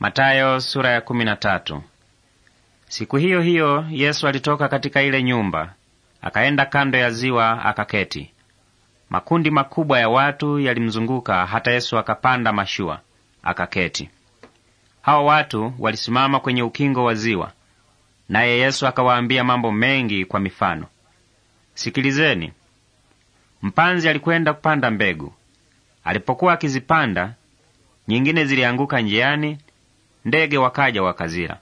Matayo sura ya kumi na tatu. Siku hiyo hiyo Yesu alitoka katika ile nyumba akaenda kando ya ziwa akaketi. Makundi makubwa ya watu yalimzunguka hata Yesu akapanda mashua akaketi. Hawa watu walisimama kwenye ukingo wa ziwa, naye Yesu akawaambia mambo mengi kwa mifano. Sikilizeni. Mpanzi alikwenda kupanda mbegu. Alipokuwa akizipanda, nyingine zilianguka njiani ndege wakaja wakazila.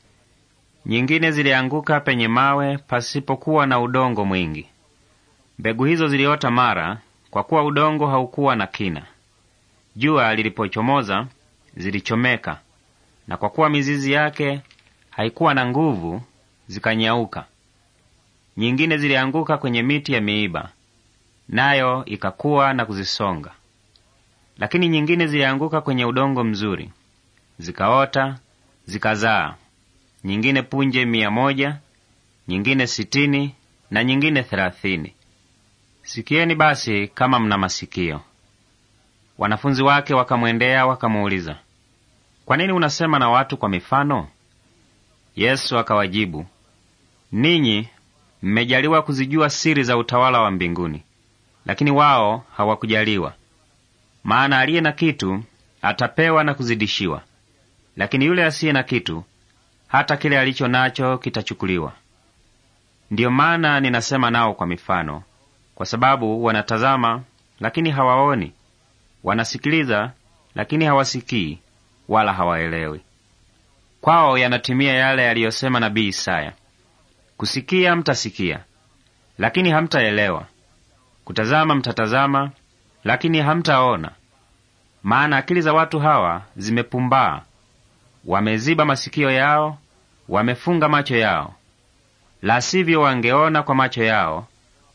Nyingine zilianguka penye mawe pasipokuwa na udongo mwingi. Mbegu hizo ziliota mara, kwa kuwa udongo haukuwa na kina. Jua lilipochomoza zilichomeka, na kwa kuwa mizizi yake haikuwa na nguvu, zikanyauka. Nyingine zilianguka kwenye miti ya miiba, nayo ikakuwa na kuzisonga. Lakini nyingine zilianguka kwenye udongo mzuri, zikaota zikazaa, nyingine punje mia moja, nyingine sitini na nyingine thelathini. Sikieni basi kama mna masikio. Wanafunzi wake wakamwendea wakamuuliza, kwa nini unasema na watu kwa mifano? Yesu akawajibu, ninyi mmejaliwa kuzijua siri za utawala wa mbinguni, lakini wao hawakujaliwa. Maana aliye na kitu atapewa na kuzidishiwa, lakini yule asiye na kitu, hata kile alicho nacho kitachukuliwa. Ndiyo maana ninasema nao kwa mifano, kwa sababu wanatazama lakini hawaoni, wanasikiliza lakini hawasikii wala hawaelewi. Kwao yanatimia yale yaliyosema nabii Isaya: kusikia mtasikia, lakini hamtaelewa; kutazama mtatazama, lakini hamtaona. Maana akili za watu hawa zimepumbaa, wameziba masikio yao, wamefunga macho yao. La sivyo, wangeona kwa macho yao,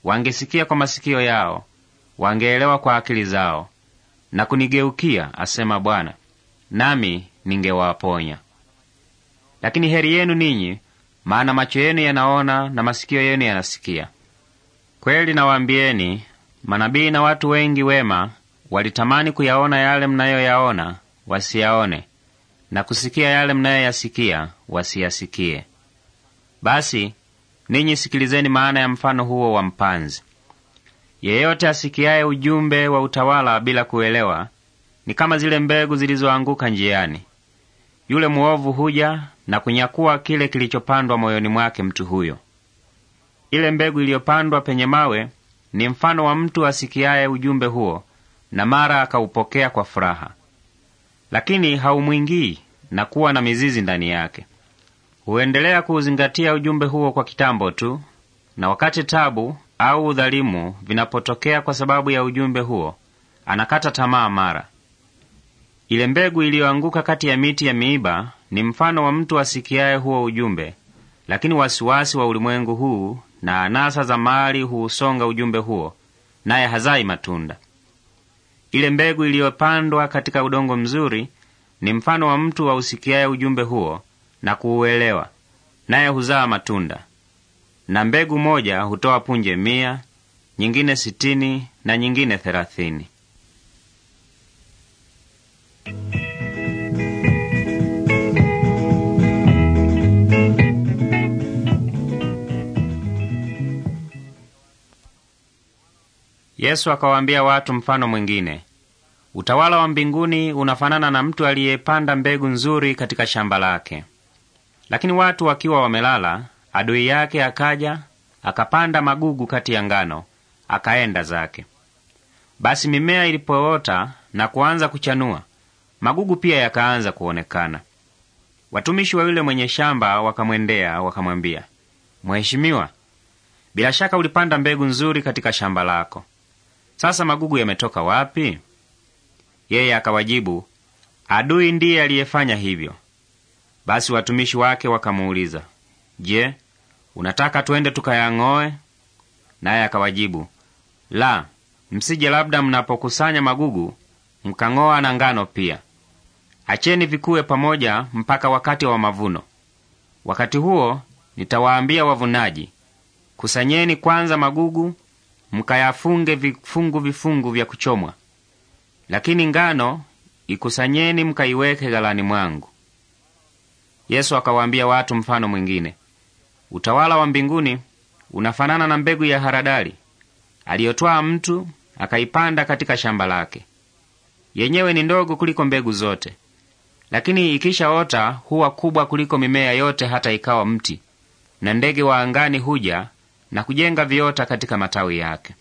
wangesikia kwa masikio yao, wangeelewa kwa akili zao na kunigeukia, asema Bwana, nami ningewaponya. Lakini heri yenu ninyi, maana macho yenu yanaona na masikio yenu yanasikia. Kweli nawaambieni, manabii na watu wengi wema walitamani kuyaona yale mnayoyaona wasiyaone, na kusikia yale mnayoyasikia wasiyasikie. Basi ninyi sikilizeni maana ya mfano huo wa mpanzi. Yeyote asikiaye ujumbe wa utawala bila kuelewa ni kama zile mbegu zilizoanguka njiani. Yule mwovu huja na kunyakuwa kile kilichopandwa moyoni mwake mtu huyo. Ile mbegu iliyopandwa penye mawe ni mfano wa mtu asikiaye ujumbe huo na mara akaupokea kwa furaha, lakini haumwingii na kuwa na mizizi ndani yake. Huendelea kuuzingatia ujumbe huo kwa kitambo tu, na wakati tabu au udhalimu vinapotokea kwa sababu ya ujumbe huo, anakata tamaa mara. Ile mbegu iliyoanguka kati ya miti ya miiba ni mfano wa mtu asikiaye huo ujumbe, lakini wasiwasi wa ulimwengu huu na anasa za mali huusonga ujumbe huo, naye hazai matunda. Ile mbegu iliyopandwa katika udongo mzuri ni mfano wa mtu wa usikiaye ujumbe huo na kuuelewa, naye huzaa matunda. Na mbegu moja hutoa punje mia, nyingine sitini na nyingine thelathini. Yesu akawaambia watu mfano mwingine, utawala wa mbinguni unafanana na mtu aliyepanda mbegu nzuri katika shamba lake. Lakini watu wakiwa wamelala, adui yake akaja akapanda magugu kati ya ngano, akaenda zake. Basi mimea ilipoota na kuanza kuchanua, magugu pia yakaanza kuonekana. Watumishi wa yule mwenye shamba wakamwendea wakamwambia, Mheshimiwa, bila shaka ulipanda mbegu nzuri katika shamba lako, sasa magugu yametoka wapi? Yeye akawajibu, adui ndiye aliyefanya hivyo. Basi watumishi wake wakamuuliza, Je, unataka twende tukayang'oe? Naye akawajibu, la, msije labda mnapokusanya magugu mkang'oa na ngano pia. Acheni vikuwe pamoja mpaka wakati wa mavuno. Wakati huo nitawaambia wavunaji, kusanyeni kwanza magugu mkayafunge vifungu vifungu vya kuchomwa. Lakini ngano ikusanyeni, mkaiweke ghalani mwangu. Yesu akawaambia watu mfano mwingine, utawala wa mbinguni unafanana na mbegu ya haradali aliyotwaa mtu akaipanda katika shamba lake. Yenyewe ni ndogo kuliko mbegu zote, lakini ikishaota huwa kubwa kuliko mimea yote, hata ikawa mti, na ndege wa angani huja na kujenga viota katika matawi yake.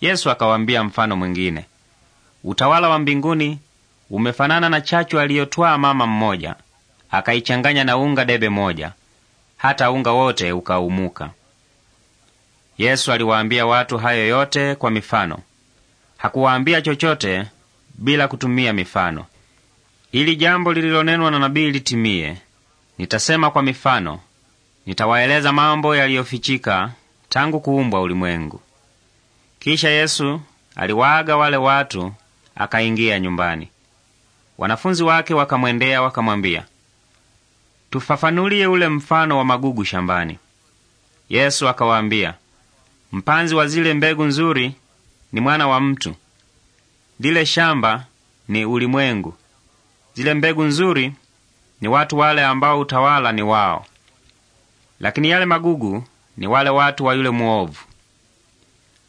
Yesu akawaambia mfano mwingine, utawala wa mbinguni umefanana na chachu aliyotwaa mama mmoja, akaichanganya na unga debe moja, hata unga wote ukaumuka. Yesu aliwaambia watu hayo yote kwa mifano. Hakuwaambia chochote bila kutumia mifano, ili jambo lililonenwa na nabii litimie: nitasema kwa mifano, nitawaeleza mambo yaliyofichika tangu kuumbwa ulimwengu. Kisha Yesu aliwaaga wale watu, akaingia nyumbani. Wanafunzi wake wakamwendea wakamwambia, tufafanulie ule mfano wa magugu shambani. Yesu akawaambia, mpanzi wa zile mbegu nzuri ni mwana wa mtu, lile shamba ni ulimwengu, zile mbegu nzuri ni watu wale ambao utawala ni wao. Lakini yale magugu ni wale watu wa yule mwovu.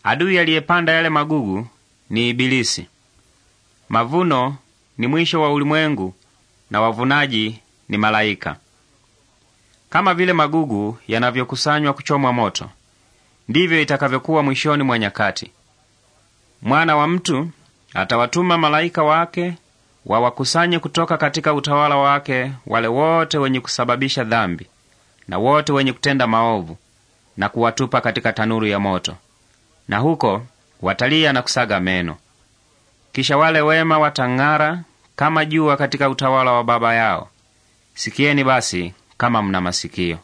Adui aliyepanda yale magugu ni Ibilisi. Mavuno ni mwisho wa ulimwengu na wavunaji ni malaika. Kama vile magugu yanavyokusanywa kuchomwa moto, ndivyo itakavyokuwa mwishoni mwa nyakati. Mwana wa mtu atawatuma malaika wake wawakusanye kutoka katika utawala wake wale wote wenye kusababisha dhambi na wote wenye kutenda maovu na kuwatupa katika tanuru ya moto, na huko watalia na kusaga meno. Kisha wale wema watang'ara kama jua katika utawala wa Baba yao. Sikieni basi kama mna masikio.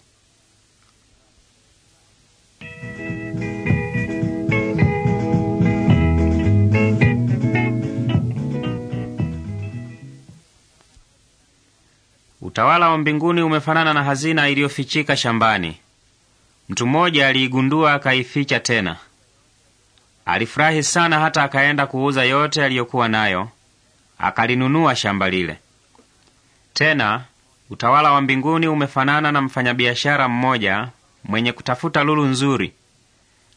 Utawala wa mbinguni umefanana na hazina iliyofichika shambani. Mtu mmoja aliigundua akaificha tena. Alifurahi sana hata akaenda kuuza yote aliyokuwa nayo, akalinunua shamba lile. Tena utawala wa mbinguni umefanana na mfanyabiashara mmoja mwenye kutafuta lulu nzuri.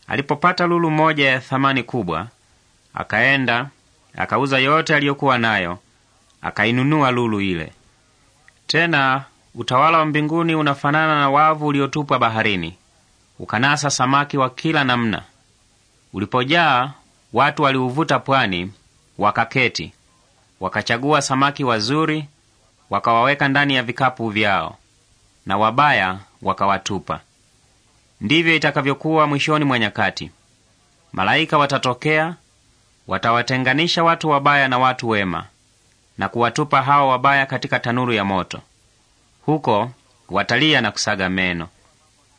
Alipopata lulu moja ya thamani kubwa, akaenda akauza yote aliyokuwa nayo, akainunua lulu ile. Tena utawala wa mbinguni unafanana na wavu uliotupwa baharini, ukanasa samaki wa kila namna. Ulipojaa, watu waliuvuta pwani, wakaketi, wakachagua samaki wazuri, wakawaweka ndani ya vikapu vyao, na wabaya wakawatupa. Ndivyo itakavyokuwa mwishoni mwa nyakati. Malaika watatokea, watawatenganisha watu wabaya na watu wema na kuwatupa hao wabaya katika tanuru ya moto. Huko watalia na kusaga meno.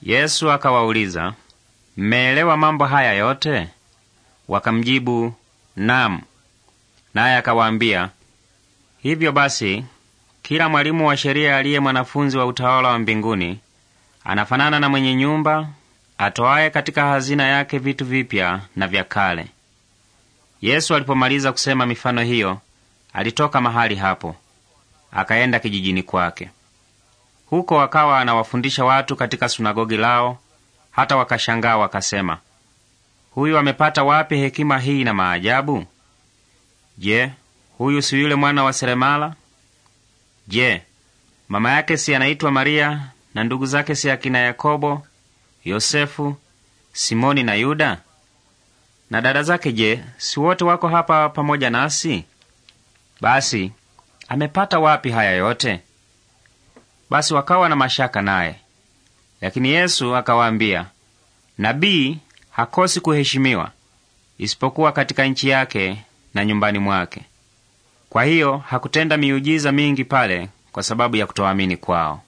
Yesu akawauliza, mmeelewa mambo haya yote? Wakamjibu, nam. Naye akawaambia, hivyo basi, kila mwalimu wa sheria aliye mwanafunzi wa utawala wa mbinguni anafanana na mwenye nyumba atoaye katika hazina yake vitu vipya na vya kale. Yesu alipomaliza kusema mifano hiyo Alitoka mahali hapo akaenda kijijini kwake. Huko akawa anawafundisha watu katika sunagogi lao, hata wakashangaa wakasema, huyu amepata wapi hekima hii na maajabu? Je, huyu si yule mwana wa seremala? Je, mama yake si anaitwa Maria na ndugu zake si akina Yakobo, Yosefu, Simoni na Yuda? Na dada zake je, si wote wako hapa pamoja nasi? Basi amepata wapi haya yote? Basi wakawa na mashaka naye. Lakini Yesu akawaambia, nabii hakosi kuheshimiwa isipokuwa katika nchi yake na nyumbani mwake. Kwa hiyo hakutenda miujiza mingi pale kwa sababu ya kutoamini kwao.